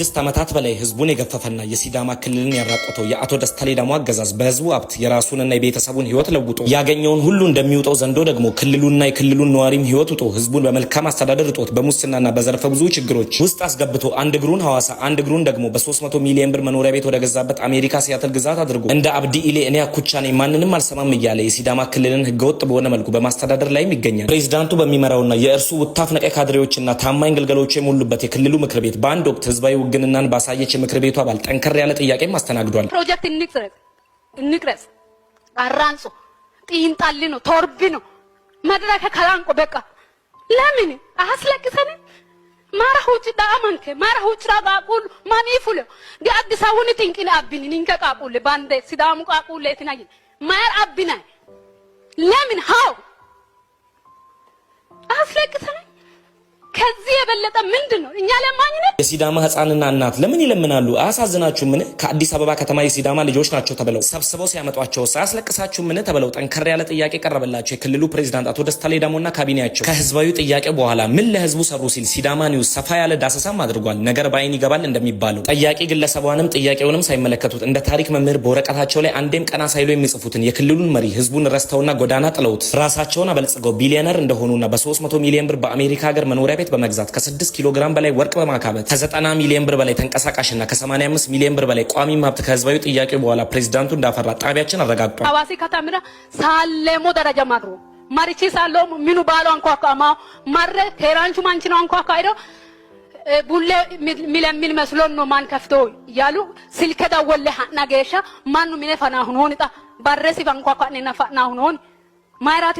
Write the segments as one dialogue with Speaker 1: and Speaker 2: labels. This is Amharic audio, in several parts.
Speaker 1: ከስድስት ዓመታት በላይ ህዝቡን የገፈፈና የሲዳማ ክልልን ያራቆተው የአቶ ደስታ ሌዳሞ አገዛዝ በህዝቡ ሀብት የራሱንና የቤተሰቡን ህይወት ለውጦ ያገኘውን ሁሉ እንደሚውጠው ዘንዶ ደግሞ ክልሉና የክልሉን ነዋሪም ህይወት ውጦ ህዝቡን በመልካም አስተዳደር እጦት በሙስናና በዘርፈ ብዙ ችግሮች ውስጥ አስገብቶ አንድ እግሩን ሐዋሳ አንድ እግሩን ደግሞ በ300 ሚሊዮን ብር መኖሪያ ቤት ወደገዛበት አሜሪካ ሲያትል ግዛት አድርጎ እንደ አብዲ ኢሌ እኔ አኩቻ ነኝ ማንንም አልሰማም እያለ የሲዳማ ክልልን ህገወጥ በሆነ መልኩ በማስተዳደር ላይም ይገኛል። ፕሬዚዳንቱ በሚመራውና የእርሱ ውታፍ ነቀይ ካድሬዎችና ታማኝ ግልገሎች የሞሉበት የክልሉ ምክር ቤት በአንድ ወቅት ህዝባዊ ውግንናን ባሳየች የምክር ቤቱ አባል ጠንከር ያለ ጥያቄም አስተናግዷል።
Speaker 2: ፕሮጀክት እንቅረጽ እንቅረጽ አራንሶ ጢንጣል ነው ቶርቢ ነው መድረከ ከላንቆ በቃ ለምን አስለቅሰን ማራ ሁጭ ዳማንከ ማራ ሁጭ ራቃቁል ማኒፉለ አዲስ አበባውን ጥንቅል አብን ንንከ ቃቁል ባንደ ሲዳሙ ቃቁል ለትናይ ማር አብናይ ለምን ሃው የበለጠ ምንድን ነው? እኛ ለማኝ ነን።
Speaker 1: የሲዳማ ህፃንና እናት ለምን ይለምናሉ? አያሳዝናችሁ ምን? ከአዲስ አበባ ከተማ የሲዳማ ልጆች ናቸው ተብለው ሰብስበው ሲያመጧቸው አያስለቅሳችሁ ምን ተብለው ጠንከር ያለ ጥያቄ ቀረበላቸው። የክልሉ ፕሬዚዳንት አቶ ደስታ ሌዳሞና ካቢኔያቸው ከህዝባዊ ጥያቄ በኋላ ምን ለህዝቡ ሰሩ ሲል ሲዳማ ኒውስ ሰፋ ያለ ዳሰሳም አድርጓል። ነገር በአይን ይገባል እንደሚባለው ጠያቂ ግለሰቧንም ጥያቄውንም ሳይመለከቱት እንደ ታሪክ መምህር በወረቀታቸው ላይ አንዴም ቀና ሳይሉ የሚጽፉትን የክልሉን መሪ ህዝቡን ረስተውና ጎዳና ጥለውት ራሳቸውን አበልጽገው ቢሊዮነር እንደሆኑና በ300 ሚሊዮን ብር በአሜሪካ ሀገር መኖሪያ ቤት በመግዛት ከስድስት ኪሎ ግራም በላይ ወርቅ በማካበት ከ90 ሚሊዮን ብር በላይ ተንቀሳቃሽና ከ አምስት ሚሊዮን ብር በላይ ቋሚ ሀብት ከህዝባዊ ጥያቄ በኋላ ፕሬዚዳንቱ እንዳፈራ ጣቢያችን አረጋግጧል።
Speaker 2: ሀዋሲ ከተምና ሳለሞ ደረጃ ማድሮ ማሪቺ ሳሎም ሚኑ ባሎ አንኳኳማ ማረ ከራንቹ ማንቺ ነው አንኳኳ አይደው ቡሌ ሚለሚል መስሎን ነው ማን ከፍቶ እያሉ ስልከ ደወለ ሀና ጌሻ ማኑ ፈናሁን ሆን ጣ ባረሲ ባረሲፍ አንኳኳ ነፈና ሆን ማይራት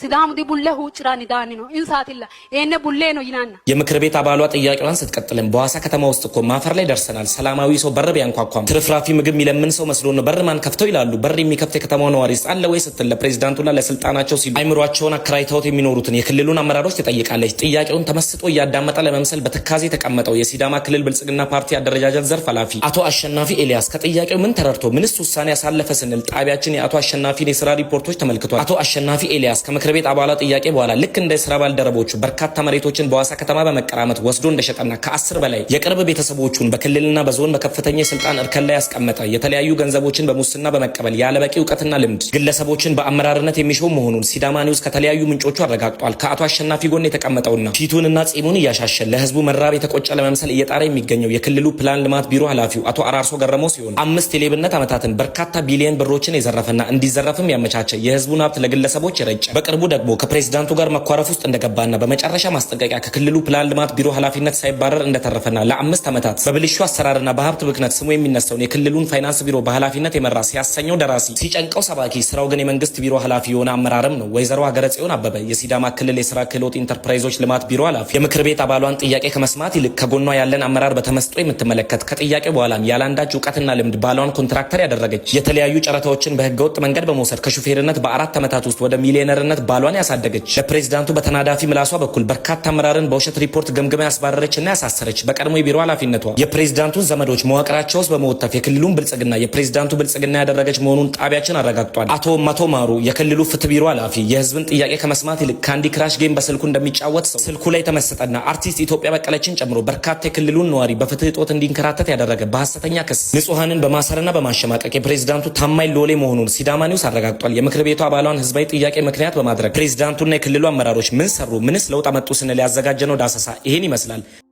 Speaker 2: ሲዳሙ ዲ ቡለሁ ጭራ ኒዳኒ ነው ኢንሳትላ ይሄነ ቡሌ ነው ይናና
Speaker 1: የምክር ቤት አባሏ ጥያቄዋን ስትቀጥልም በዋሳ ከተማ ውስጥ እኮ ማፈር ላይ ደርሰናል። ሰላማዊ ሰው በር ቢያንኳኳም ትርፍራፊ ምግብ የሚለምን ሰው መስሎ ነው በር ማን ከፍተው ይላሉ። በር የሚከፍት የከተማው ነዋሪ አለ ወይ ስትል ለፕሬዚዳንቱና ለስልጣናቸው ሲሉ አይምሯቸውን አከራይተውት የሚኖሩትን የክልሉን አመራሮች ትጠይቃለች። ጥያቄውን ተመስጦ እያዳመጠ ለመምሰል በትካዜ የተቀመጠው የሲዳማ ክልል ብልጽግና ፓርቲ አደረጃጀት ዘርፍ ኃላፊ አቶ አሸናፊ ኤልያስ ከጥያቄው ምን ተረድቶ ምንስ ውሳኔ ያሳለፈ ስንል ጣቢያችን የአቶ አሸናፊን የስራ ሪፖርቶች ተመልክቷል። አቶ አሸናፊ ኤልያስ ከምክር ቤት አባላት ጥያቄ በኋላ ልክ እንደ ስራ ባልደረቦቹ በርካታ መሬቶችን በዋሳ ከተማ በመቀራመት ወስዶ እንደሸጠና ከአስር በላይ የቅርብ ቤተሰቦቹን በክልልና በዞን በከፍተኛ የስልጣን እርከን ላይ ያስቀመጠ የተለያዩ ገንዘቦችን በሙስና በመቀበል ያለበቂ እውቀትና ልምድ ግለሰቦችን በአመራርነት የሚሾው መሆኑን ሲዳማ ኒውስ ከተለያዩ ምንጮቹ አረጋግጧል። ከአቶ አሸናፊ ጎን የተቀመጠውና ፊቱንና ጺሙን እያሻሸ ለህዝቡ መራብ የተቆጨ ለመምሰል እየጣረ የሚገኘው የክልሉ ፕላን ልማት ቢሮ ኃላፊው አቶ አራርሶ ገረመው ሲሆን አምስት የሌብነት ዓመታትን በርካታ ቢሊየን ብሮችን የዘረፈና እንዲዘረፍም ያመቻቸ የህዝቡን ሀብት ሀብት ለግለሰቦች ረጨ። በቅርቡ ደግሞ ከፕሬዚዳንቱ ጋር መኳረፍ ውስጥ እንደገባና በመጨረሻ ማስጠንቀቂያ ከክልሉ ፕላን ልማት ቢሮ ኃላፊነት ሳይባረር እንደተረፈና ለአምስት ዓመታት በብልሹ አሰራርና በሀብት ብክነት ስሙ የሚነሳውን የክልሉን ፋይናንስ ቢሮ በኃላፊነት የመራ ሲያሰኘው ደራሲ ሲጨንቀው ሰባኪ ስራው ግን የመንግስት ቢሮ ኃላፊ የሆነ አመራርም ነው። ወይዘሮ ሀገረ ጽዮን አበበ የሲዳማ ክልል የስራ ክህሎት ኢንተርፕራይዞች ልማት ቢሮ ኃላፊ የምክር ቤት አባሏን ጥያቄ ከመስማት ይልቅ ከጎኗ ያለን አመራር በተመስጦ የምትመለከት ከጥያቄ በኋላም ያለአንዳች እውቀትና ልምድ ባሏን ኮንትራክተር ያደረገች የተለያዩ ጨረታዎችን በህገወጥ መንገድ በመውሰድ ከሹፌርነት በአራት ዓመታት ውስጥ ወደ ሚሊዮነርነት ባሏን ያሳደገች፣ ለፕሬዚዳንቱ በተናዳፊ ምላሷ በኩል በርካታ አመራርን በውሸት ሪፖርት ገምግማ ያስባረረችና ያሳሰረች፣ በቀድሞ የቢሮ ኃላፊነቷ የፕሬዚዳንቱን ዘመዶች መዋቅራቸው ውስጥ በመወተፍ የክልሉን ብልጽግና የፕሬዚዳንቱ ብልጽግና ያደረገች መሆኑን ጣቢያችን አረጋግጧል። አቶ መቶ ማሩ የክልሉ ፍትህ ቢሮ ኃላፊ የህዝብን ጥያቄ ከመስማት ይልቅ ካንዲ ክራሽ ጌም በስልኩ እንደሚጫወት ሰው ስልኩ ላይ ተመሰጠና አርቲስት ኢትዮጵያ በቀለችን ጨምሮ በርካታ የክልሉን ነዋሪ በፍትህ እጦት እንዲንከራተት ያደረገ በሐሰተኛ ክስ ንጹሐንን በማሰርና በማሸማቀቅ የፕሬዚዳንቱ ታማኝ ሎሌ መሆኑን ሲዳማ ኒውስ አረጋግጧል። የምክር ቤቱ አባሏን የአማራን ህዝባዊ ጥያቄ ምክንያት በማድረግ ፕሬዚዳንቱና የክልሉ አመራሮች ምን ሰሩ፣ ምንስ ለውጥ አመጡ ስንል ያዘጋጀነው ዳሰሳ ይህን ይመስላል።